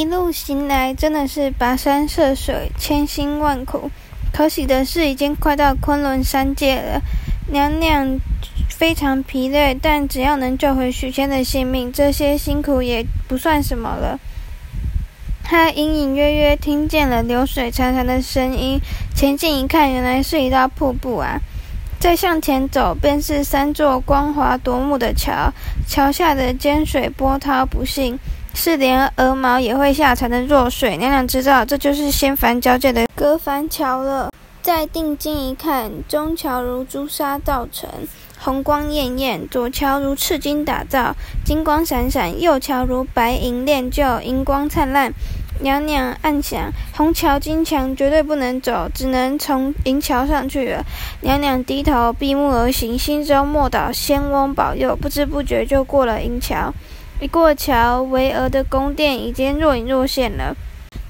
一路行來，真的是跋山涉水，千辛萬苦。可喜的是，已經快到崑崙山界了。娘娘非常疲累，但只要能救回許仙的性命，這些辛苦也不算什麼了。她隱隱約約聽見了流水潺潺的聲音，前進一看，原來是一道瀑布啊！再向前走，便是三座光滑奪目的橋，橋下的澗水波濤不興。是連鵝毛也會下沉的弱水。娘娘知道，這就是仙凡交界的隔凡橋了。再定睛一看，中橋如朱砂造成，紅光艷艷；左橋如赤金打造，金光閃閃；右橋如白銀煉就，銀光燦爛。娘娘暗想：紅橋、金橋絕對不能走，只能從銀橋上去了。娘娘低頭閉目而行，心中默禱仙翁保佑，不知不覺就過了銀橋。一過橋，巍峨的宮殿已經若隱若現了。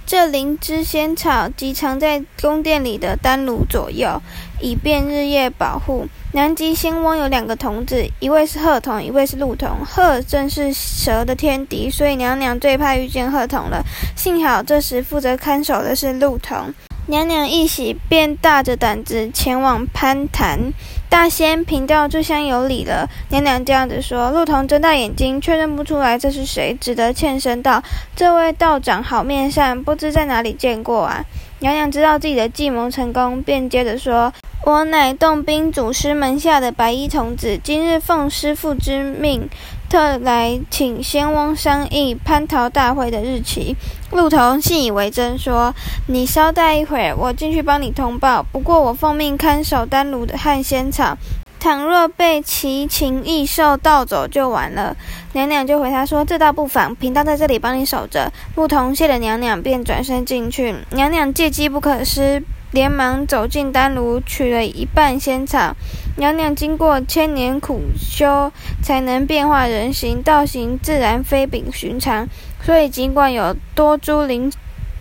這靈芝仙草即藏在宮殿裡的丹爐左右，以便日夜保護。南極仙翁有兩個童子，一位是鶴童，一位是鹿童。鶴正是蛇的天敵，所以娘娘最怕遇見鶴童了。幸好這時負責看守的是鹿童。娘娘一喜，便大着膽子前往攀談。大仙，貧道這廂有禮了。娘娘這樣子說，鹿童睜大眼睛，卻認不出來這是誰，只得欠身道：“這位道長好面善，不知在哪裡見過啊？”娘娘知道自己的計謀成功，便接着說。我乃洞賓祖師門下的白衣童子，今日奉師父之命，特來請仙翁商議蟠桃大會的日期。鹿童信以為真，說：“你稍待一會兒，我進去幫你通報。不過我奉命看守丹爐和仙草，倘若被奇禽異獸盜走，就完了。”娘娘就回他說：“這倒不妨，貧道在這裡幫你守着。”鹿童謝了娘娘，便轉身進去。娘娘借機不可失。連忙走進丹爐，取了一半仙草。娘娘經過千年苦修，才能變化人形，道行自然非比尋常，所以儘管有多株靈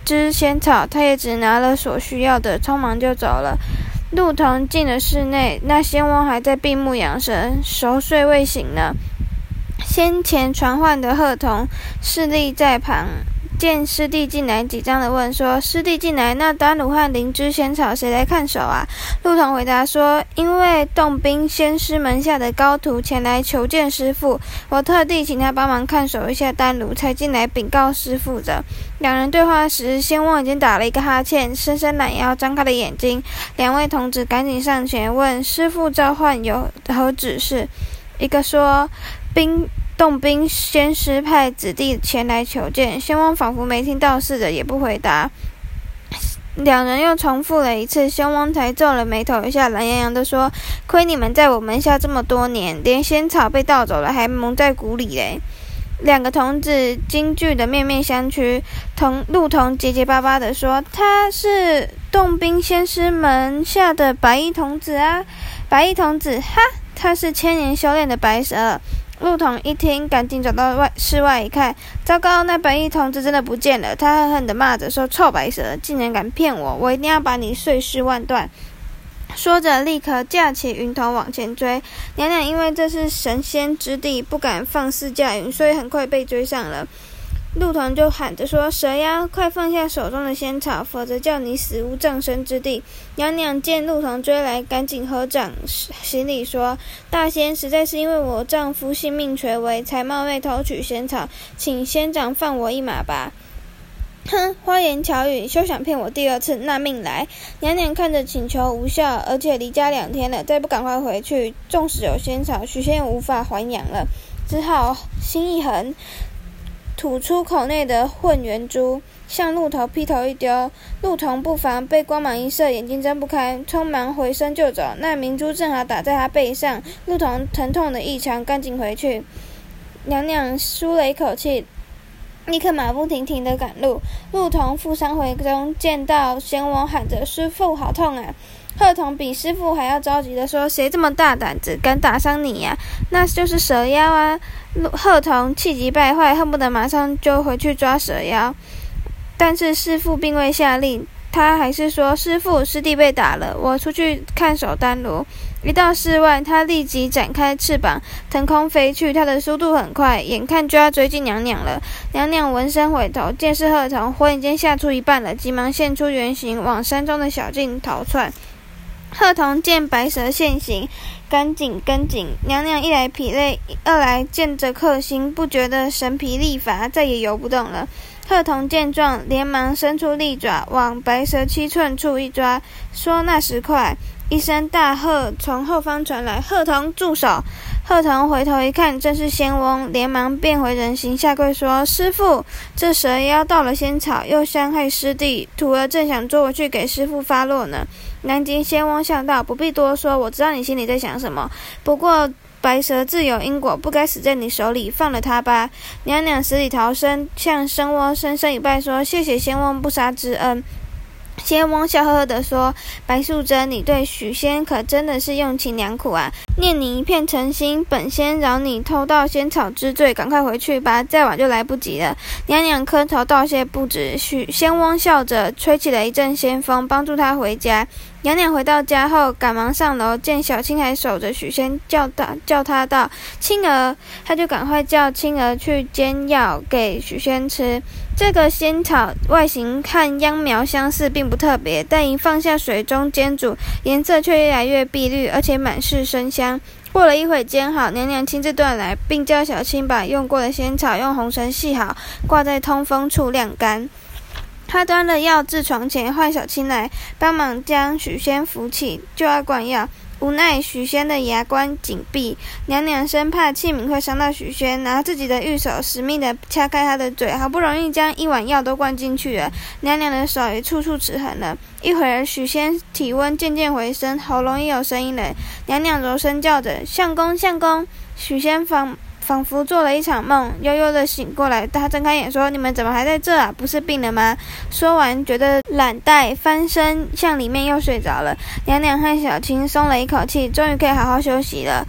芝仙草，她也只拿了所需要的，匆忙就走了。鹿童進了室內，那仙翁還在閉目養神，熟睡未醒呢。先前傳喚的鶴童侍立在旁。見師弟進來幾的，緊張地問說：“師弟進來，那丹爐和靈芝仙草誰來看守啊？”鹿童回答說：“因為洞賓仙師門下的高徒前來求見師父，我特地請他幫忙看守一下丹爐，才進來稟告師父的。”兩人對話時，仙翁已經打了一個哈欠，伸伸懶腰，張開了眼睛。兩位童子趕緊上前問：“師父召喚有何指示？”一個說：“冰。”洞賓仙師派子弟前來求見，仙翁仿佛沒聽到似的，也不回答。兩人又重複了一次，仙翁才皺了眉頭一下，懶洋洋地說：“虧你們在我門下這麼多年，連仙草被盜走了還蒙在鼓裡嘞！”兩個童子驚懼的面面相覷，童陸童結結巴巴地說：“他是洞賓仙師門下的白衣童子啊，白衣童子，哈，他是千年修煉的白蛇。”鹿童一聽，趕緊走到外室外一看，糟糕，那白衣童子真的不見了。他狠狠地罵着說：“臭白蛇，竟然敢騙我！我一定要把你碎屍萬段！”說着，立刻架起雲頭往前追。娘娘因為這是神仙之地，不敢放肆駕雲，所以很快被追上了。鹿童就喊着說：“蛇妖，快放下手中的仙草，否則叫你死無葬身之地！”娘娘見鹿童追來，趕緊合掌行禮說：“大仙，實在是因為我丈夫性命垂危，才冒昧偷取仙草，請仙長放我一馬吧。”“哼，花言巧語，休想騙我第二次，納命來！”娘娘看着請求無效，而且離家兩天了，再不趕快回去，縱使有仙草，許仙也無法還陽了，只好心一橫。吐出口內的混元珠，向鹿頭劈頭一丟，鹿童不防被光芒一射，眼睛睜不開，匆忙回身就走。那明珠正好打在他背上，鹿童疼痛的異常，趕緊回去。娘娘舒了一口氣，立刻馬不停蹄的趕路。鹿童負傷回宮，見到仙翁喊着：“師傅，好痛啊！”鶴童比師傅還要着急地說：“誰這麼大膽子，敢打傷你呀，啊？那就是蛇妖啊！”鶴童氣急敗壞，恨不得馬上就回去抓蛇妖。但是師傅並未下令，他還是說：“師傅，師弟被打了，我出去看守丹爐。”一到室外，他立即展開翅膀，騰空飛去。他的速度很快，眼看就要追近娘娘了。娘娘聞聲回頭，見是鶴童，火已經嚇出一半了，急忙現出原形，往山中的小徑逃竄。鶴童見白蛇現形，趕緊跟緊。娘娘一來疲累，二來見着剋星，不覺得神疲力乏，再也游不動了。鶴童見狀，連忙伸出利爪，往白蛇七寸處一抓。說那時快，一聲大喝從後方傳來：“鶴童，住手！”鶴童回頭一看，正是仙翁，連忙變回人形，下跪說：“師父，這蛇妖盜了仙草，又傷害師弟，徒兒正想捉回去給師父發落呢。”南極仙翁笑道：“不必多說，我知道你心裡在想什麼。不過白蛇自有因果，不該死在你手裡，放了他吧。”娘娘死裡逃生，向仙翁深深一拜，說：“謝謝仙翁不殺之恩。”仙翁笑呵呵地說：“白素貞，你對許仙可真的是用情良苦啊。”念你一片誠心，本仙饒你偷盜仙草之罪，趕快回去吧，再晚就來不及了。娘娘磕頭道謝不止。許仙翁笑着吹起了一陣仙風，幫助她回家。娘娘回到家後，趕忙上樓，見小青還守着許仙叫，叫他叫他道：“青兒。”他就趕快叫青兒去煎藥給許仙吃。這個仙草外形看秧苗相似，並不特別，但一放下水中煎煮，顏色卻越來越碧綠，而且滿是生香。過了一會，煎好，娘娘親自端來，並叫小青把用過的仙草用紅繩繫好，掛在通風處晾乾。她端了藥至床前，喚小青來幫忙將許仙扶起，就要灌藥。無奈，許仙的牙關緊閉，娘娘生怕器皿會傷到許仙，拿自己的玉手死命地掐開他的嘴，好不容易將一碗藥都灌進去了。娘娘的手也處處齒痕了。一會兒，許仙體溫漸漸回升，喉嚨也有聲音了。娘娘柔聲叫着：“相公，相公，許仙放仿佛做了一場夢，悠悠的醒過來。他睜開眼說：“你們怎麼還在這啊？不是病了嗎？”說完，覺得懶怠，翻身向裡面又睡着了。娘娘和小青鬆了一口氣，終於可以好好休息了。